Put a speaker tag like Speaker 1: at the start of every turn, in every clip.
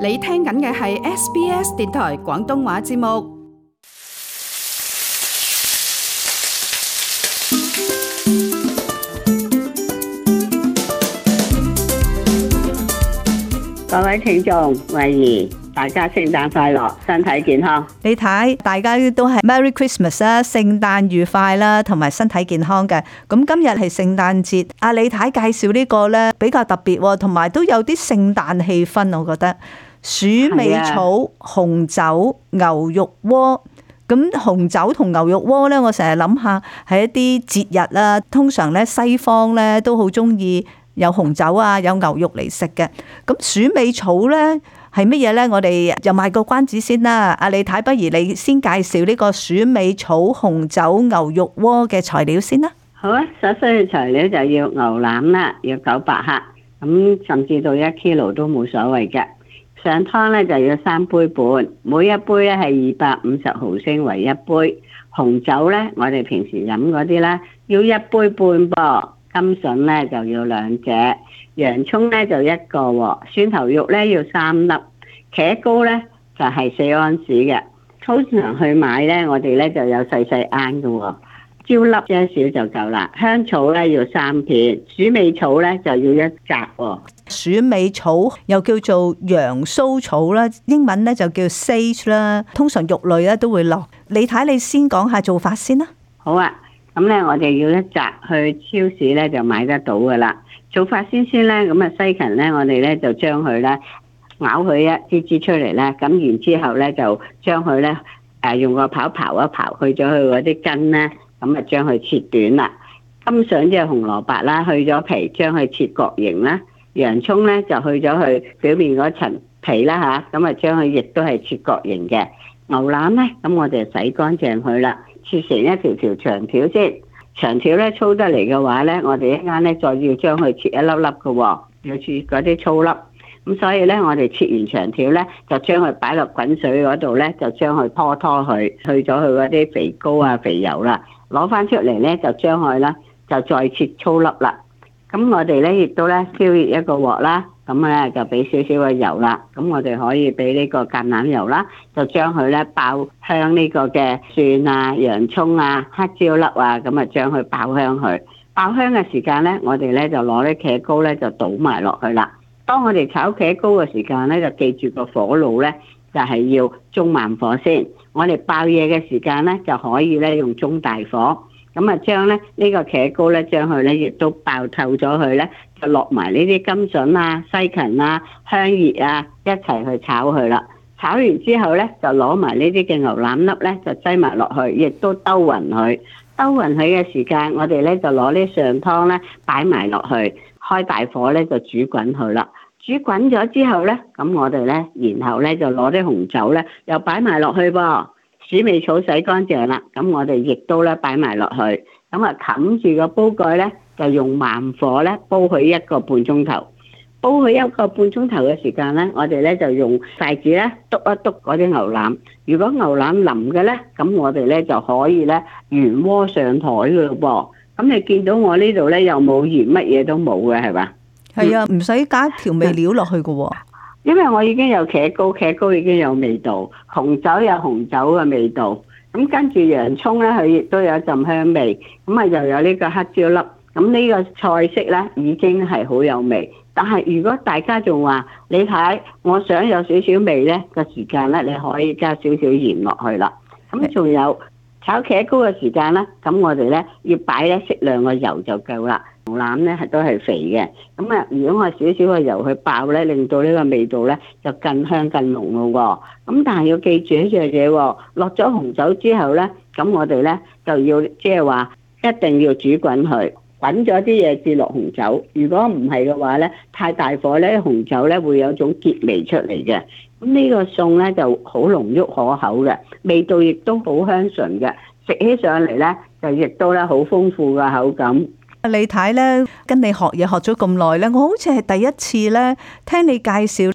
Speaker 1: 你聽緊嘅係 SBS 電台廣東話節目，
Speaker 2: 各位聽眾，歡迎。大家聖誕快樂，身體健康。李太，大家都係 Merry
Speaker 1: Christmas 啦，聖誕愉快啦，同埋身體健康嘅。咁今日係聖誕節，阿李太介紹呢個呢，比較特別，同埋都有啲聖誕氣氛。我覺得鼠尾草、紅酒、牛肉鍋。咁的紅酒同牛肉鍋呢，我成日諗下係一啲節日啦。通常呢，西方呢都好中意有紅酒啊，有牛肉嚟食嘅。咁鼠尾草呢。係乜嘢呢？我哋就賣個關子先啦。阿李太，不如你先介紹呢個鼠尾草紅酒牛肉鍋嘅材料先啦。
Speaker 2: 好啊，所需嘅材料就要牛腩啦，要九百克，咁甚至到一 kilo 都冇所謂嘅。上湯呢就要三杯半，每一杯呢係二百五十毫升為一杯。紅酒呢，我哋平時飲嗰啲呢，要一杯半噃。甘筍呢就要兩隻，洋葱呢就一個，蒜頭肉呢要三粒。茄糕咧就係四安士嘅，通常去買咧，我哋咧就有細細盎嘅，椒粒一少就夠啦。香草咧要三片，鼠尾草咧就要一紮，哦。
Speaker 1: 鼠尾草又叫做洋蘇草啦，英文咧就叫 sage 啦。通常肉類咧都會落。你睇，你先講下做法先啦。
Speaker 2: 好啊，咁咧我哋要一紮去超市咧就買得到㗎啦。做法先先咧，咁啊西芹咧我哋咧就將佢咧。咬佢一支支出嚟咧，咁然之後咧就將佢咧，誒用個刨刨一刨，去咗佢嗰啲根咧，咁啊將佢切短啦。跟上即係紅蘿蔔啦，去咗皮，將佢切角形啦。洋蔥咧就去咗佢表面嗰層皮啦吓，咁啊將佢亦都係切角形嘅。牛腩咧，咁我哋洗乾淨佢啦，切成一條條長條先。長條咧粗得嚟嘅話咧，我哋一陣咧再要將佢切一粒粒嘅，好似嗰啲粗粒。咁所以咧，我哋切完長條咧，就將佢擺落滾水嗰度咧，就將佢拖拖佢，去咗佢嗰啲肥膏啊、肥油啦。攞翻出嚟咧，就將佢咧就再切粗粒啦。咁我哋咧亦都咧燒熱一個鑊啦。咁咧就俾少少嘅油啦。咁我哋可以俾呢個橄欖油啦，就將佢咧爆香呢個嘅蒜啊、洋葱啊、黑椒粒啊，咁啊將佢爆香佢。爆香嘅時間咧，我哋咧就攞啲茄膏咧就倒埋落去啦。當我哋炒茄膏嘅時間咧，就記住個火爐咧，就係要中慢火先。我哋爆嘢嘅時間咧，就可以咧用中大火，咁啊將咧呢個茄膏咧將佢咧亦都爆透咗佢咧，就落埋呢啲甘筍啊、西芹啊、香葉啊一齊去炒佢啦。炒完之後咧，就攞埋呢啲嘅牛腩粒咧，就擠埋落去，亦都兜勻佢。收勻佢嘅時間，我哋咧就攞啲上湯咧擺埋落去，開大火咧就煮滾佢啦。煮滾咗之後咧，咁我哋咧，然後咧就攞啲紅酒咧又擺埋落去噃，鼠尾草洗乾淨啦，咁我哋亦都咧擺埋落去，咁啊冚住個煲蓋咧，就用慢火咧煲佢一個半鐘頭。煲佢一個半鐘頭嘅時間咧，我哋咧就用筷子咧篤一篤嗰啲牛腩。如果牛腩腍嘅咧，咁我哋咧就可以咧原鍋上台噶咯噃。咁你見到我呢度咧又冇鹽，乜嘢都冇嘅係嘛？
Speaker 1: 係啊，唔使加調味料落去噶。
Speaker 2: 因為我已經有茄膏，茄膏已經有味道，紅酒有紅酒嘅味道。咁跟住洋蔥咧，佢亦都有一陣香味。咁啊，又有呢個黑椒粒。咁呢個菜式咧，已經係好有味。但係如果大家仲話，你睇我想有少少味呢個時間呢，你可以加少少鹽落去啦。咁仲有炒茄膏嘅時間呢，咁我哋呢要擺一適量嘅油就夠啦。牛腩呢係都係肥嘅，咁啊如果我少少嘅油去爆呢，令到呢個味道呢就更香更濃咯喎。咁但係要記住一樣嘢喎，落咗紅酒之後呢，咁我哋呢就要即係話一定要煮滾佢。滾咗啲嘢，至落紅酒，如果唔係嘅話咧，太大火咧，紅酒咧會有種結味出嚟嘅。咁呢個餸咧就好濃郁可口嘅，味道亦都好香醇嘅，食起上嚟咧就亦都咧好豐富嘅口感。李太咧，跟
Speaker 1: 你學嘢學咗咁耐咧，我好似係第一次咧聽你介紹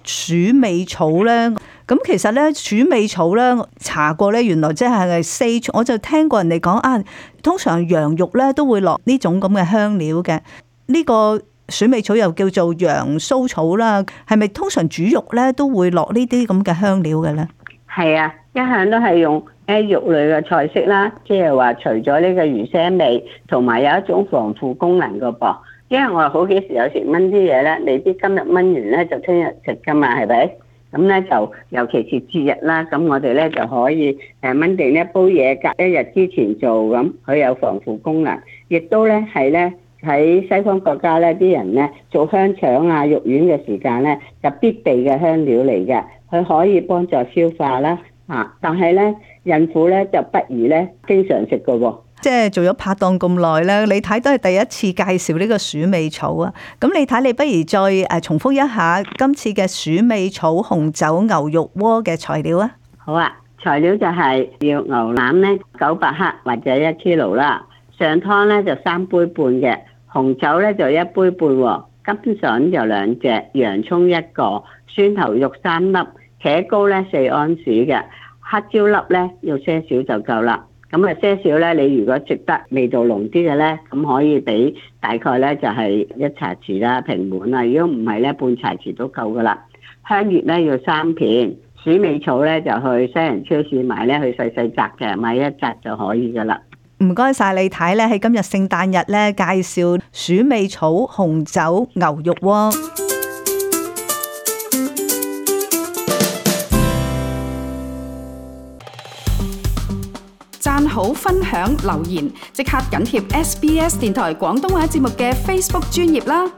Speaker 1: 鼠尾草咧。咁其實咧，鼠尾草咧，查過咧，原來即係四，我就聽過人哋講啊，通常羊肉咧都會落呢種咁嘅香料嘅。呢、呢個鼠尾草又叫做羊酥草啦，係咪通常煮肉咧都會落呢啲咁嘅香料嘅咧？
Speaker 2: 係啊，一向都係用誒肉類嘅菜式啦，即係話除咗呢個魚腥味，同埋有，有一種防腐功能嘅噃。因為我好幾時有時燜啲嘢咧，未必今日燜完咧就聽日食嘅嘛，係咪？咁咧就尤其是節日啦，咁我哋咧就可以誒燜定一煲嘢，隔一日之前做咁，佢有防腐功能，亦都咧係咧喺西方國家咧啲人咧做香腸啊肉丸嘅時間咧，就必備嘅香料嚟嘅，佢可以幫助消化啦。嚇！但係咧，孕婦咧就不宜咧經常食嘅喎。即係做咗拍檔咁耐啦，你睇都
Speaker 1: 係第一次介紹呢個鼠尾草啊！咁你睇你不如再誒重複一下今次嘅鼠尾草紅酒牛肉鍋嘅材料
Speaker 2: 啊！好啊，材料就係要牛腩呢九百克或者一 kilogram 啦，上湯呢就三杯半嘅紅酒呢，就一杯半，甘筍就兩隻，洋葱一個，蒜頭肉三粒，茄膏呢四安士嘅黑椒粒呢要些少就夠啦。咁啊，些少咧，你如果食得味道濃啲嘅咧，咁可以俾大概咧就係一茶匙啦，平滿啦。如果唔係咧，半茶匙都夠噶啦。香葉咧要三片，鼠尾草咧就去西人超市買咧，去細細紮嘅，買一紮就可以噶啦。
Speaker 1: 唔該曬你睇咧，喺今日聖誕日咧介紹鼠尾草紅酒牛肉湯。好分享留言，即刻緊貼 SBS 電台廣東話節目嘅 Facebook 專頁啦！